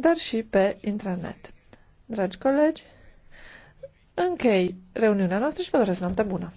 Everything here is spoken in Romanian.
dar și pe intranet. Dragi colegi, închei reuniunea noastră și vă doresc noapte bună!